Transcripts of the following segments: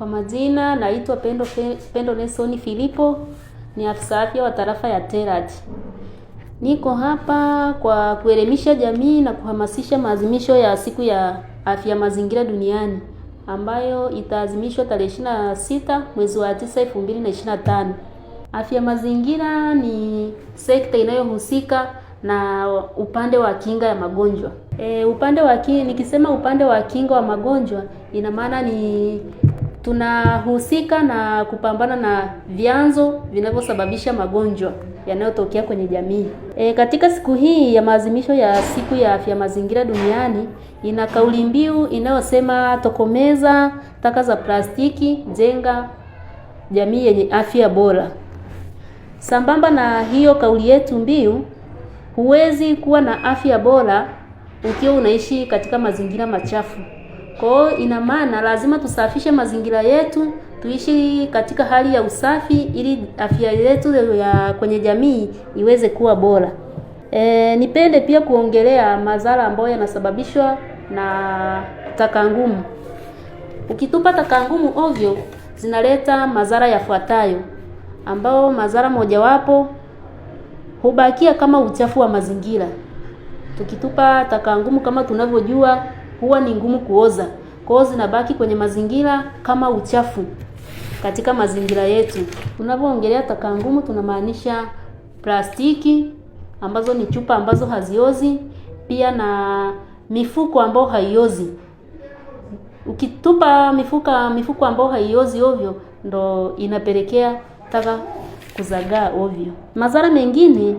Kwa majina naitwa Pendo, Pendo Nelson Filipo, ni afisa afya wa tarafa ya Terrat. Niko hapa kwa kuelimisha jamii na kuhamasisha maadhimisho ya siku ya afya mazingira duniani ambayo itaadhimishwa tarehe 26 mwezi wa 9 2025. Afya mazingira ni sekta inayohusika na upande wa kinga ya magonjwa. E, upande wa ki, nikisema upande wa kinga wa magonjwa ina maana ni tunahusika na kupambana na vyanzo vinavyosababisha magonjwa yanayotokea kwenye jamii. E, katika siku hii ya maadhimisho ya siku ya afya mazingira duniani ina kauli mbiu inayosema tokomeza taka za plastiki, jenga jamii yenye afya bora. Sambamba na hiyo kauli yetu mbiu, huwezi kuwa na afya bora ukiwa unaishi katika mazingira machafu. Kwa hiyo ina maana lazima tusafishe mazingira yetu, tuishi katika hali ya usafi ili afya yetu ya kwenye jamii iweze kuwa bora. E, nipende pia kuongelea madhara ambayo yanasababishwa na taka ngumu. Ukitupa taka ngumu ovyo zinaleta madhara yafuatayo, ambao madhara mojawapo hubakia kama uchafu wa mazingira. Tukitupa taka ngumu kama tunavyojua huwa ni ngumu kuoza, kwa hiyo zinabaki kwenye mazingira kama uchafu katika mazingira yetu. Tunapoongelea taka ngumu, tunamaanisha plastiki ambazo ni chupa ambazo haziozi, pia na mifuko ambayo haiozi. Ukitupa mifuka mifuko ambayo haiozi ovyo, ndo inapelekea taka kuzagaa ovyo. Madhara mengine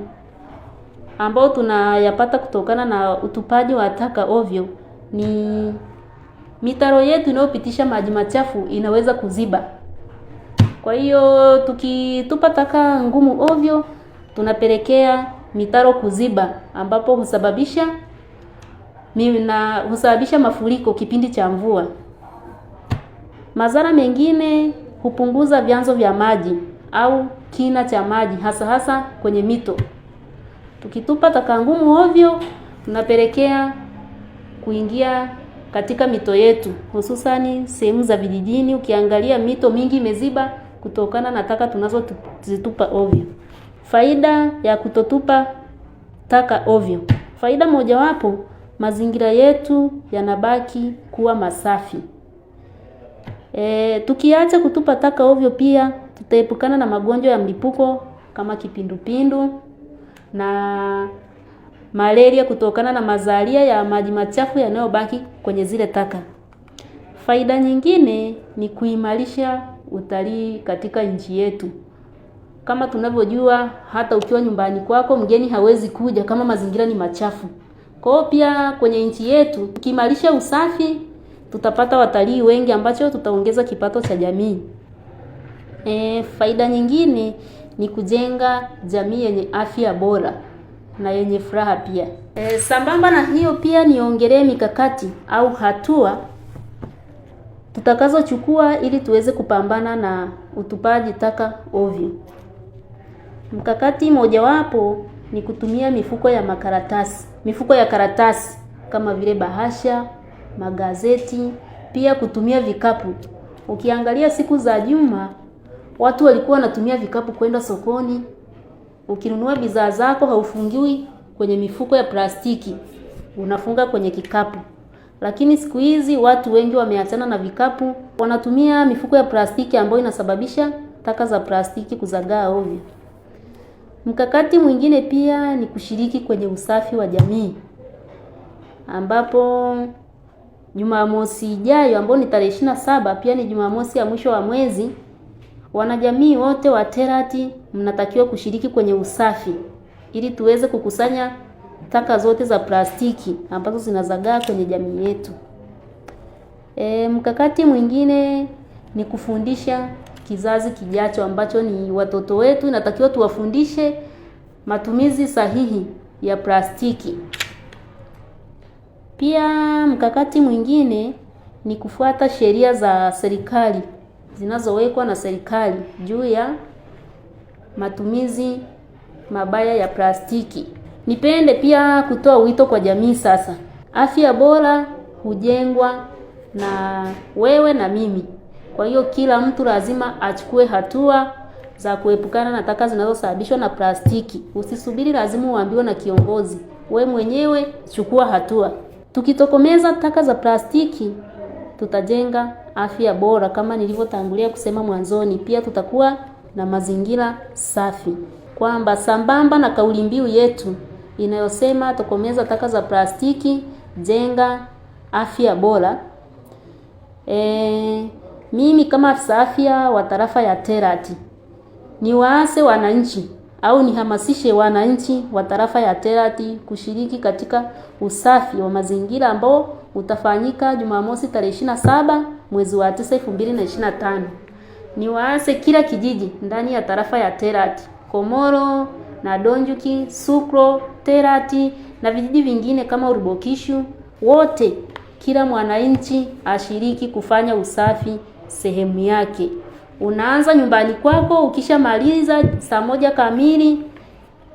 ambayo tunayapata kutokana na utupaji wa taka ovyo ni mitaro yetu inayopitisha maji machafu inaweza kuziba. Kwa hiyo tukitupa taka ngumu ovyo, tunapelekea mitaro kuziba, ambapo husababisha na husababisha mafuriko kipindi cha mvua. Madhara mengine, hupunguza vyanzo vya maji au kina cha maji, hasa hasa kwenye mito. Tukitupa taka ngumu ovyo tunapelekea kuingia katika mito yetu, hususani sehemu za vijijini. Ukiangalia mito mingi imeziba kutokana na taka tunazozitupa ovyo. Faida ya kutotupa taka ovyo, faida mojawapo, mazingira yetu yanabaki kuwa masafi. E, tukiacha kutupa taka ovyo, pia tutaepukana na magonjwa ya mlipuko kama kipindupindu na malaria kutokana na mazalia ya maji machafu yanayobaki kwenye zile taka. Faida nyingine ni kuimarisha utalii katika nchi yetu. Kama tunavyojua, hata ukiwa nyumbani kwako mgeni hawezi kuja kama mazingira ni machafu. Kwa hiyo pia kwenye nchi yetu ukiimarisha usafi, tutapata watalii wengi, ambacho tutaongeza kipato cha jamii. E, faida nyingine ni kujenga jamii yenye afya bora na yenye furaha pia. E, sambamba na hiyo pia niongelee mikakati au hatua tutakazochukua ili tuweze kupambana na utupaji taka ovyo. Mkakati mojawapo ni kutumia mifuko ya makaratasi, mifuko ya karatasi kama vile bahasha, magazeti, pia kutumia vikapu. Ukiangalia siku za juma watu walikuwa wanatumia vikapu kwenda sokoni Ukinunua bidhaa zako haufungiwi kwenye mifuko ya plastiki, unafunga kwenye kikapu. Lakini siku hizi watu wengi wameachana na vikapu, wanatumia mifuko ya plastiki ambayo inasababisha taka za plastiki kuzagaa ovyo. Mkakati mwingine pia ni kushiriki kwenye usafi wa jamii, ambapo Jumamosi ijayo ambayo ni tarehe ishirini na saba pia ni Jumamosi ya mwisho wa mwezi, Wanajamii wote wa Terati mnatakiwa kushiriki kwenye usafi ili tuweze kukusanya taka zote za plastiki ambazo zinazagaa kwenye jamii yetu. E, mkakati mwingine ni kufundisha kizazi kijacho ambacho ni watoto wetu, inatakiwa tuwafundishe matumizi sahihi ya plastiki. Pia mkakati mwingine ni kufuata sheria za serikali zinazowekwa na serikali juu ya matumizi mabaya ya plastiki. Nipende pia kutoa wito kwa jamii sasa. Afya bora hujengwa na wewe na mimi. Kwa hiyo kila mtu lazima achukue hatua za kuepukana na taka zinazosababishwa na plastiki. Usisubiri lazima uambiwe na kiongozi. Wewe mwenyewe chukua hatua. Tukitokomeza taka za plastiki tutajenga afya bora kama nilivyotangulia kusema mwanzoni. Pia tutakuwa na mazingira safi, kwamba sambamba na kauli mbiu yetu inayosema tokomeza taka za plastiki, jenga afya bora. E, mimi kama afisa afya wa tarafa ya Terati niwaase wananchi au nihamasishe wananchi wa tarafa ya Terati kushiriki katika usafi wa mazingira ambao utafanyika Jumamosi tarehe saba mwezi wa 9 2025. Niwaase kila kijiji ndani ya tarafa ya Terati, Komoro na Donjuki, Sukro, Terati na vijiji vingine kama Urubokishu, wote kila mwananchi ashiriki kufanya usafi sehemu yake. Unaanza nyumbani kwako, ukishamaliza saa moja kamili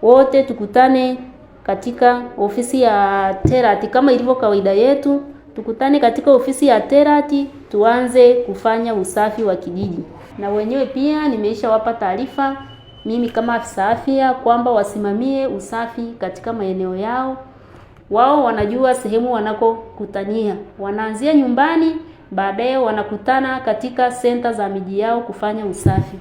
wote tukutane katika ofisi ya Terati kama ilivyo kawaida yetu, tukutane katika ofisi ya Terati tuanze kufanya usafi wa kijiji. Na wenyewe pia nimeishawapa taarifa mimi kama afisa afya kwamba wasimamie usafi katika maeneo yao. Wao wanajua sehemu wanakokutania, wanaanzia nyumbani, baadaye wanakutana katika senta za miji yao kufanya usafi.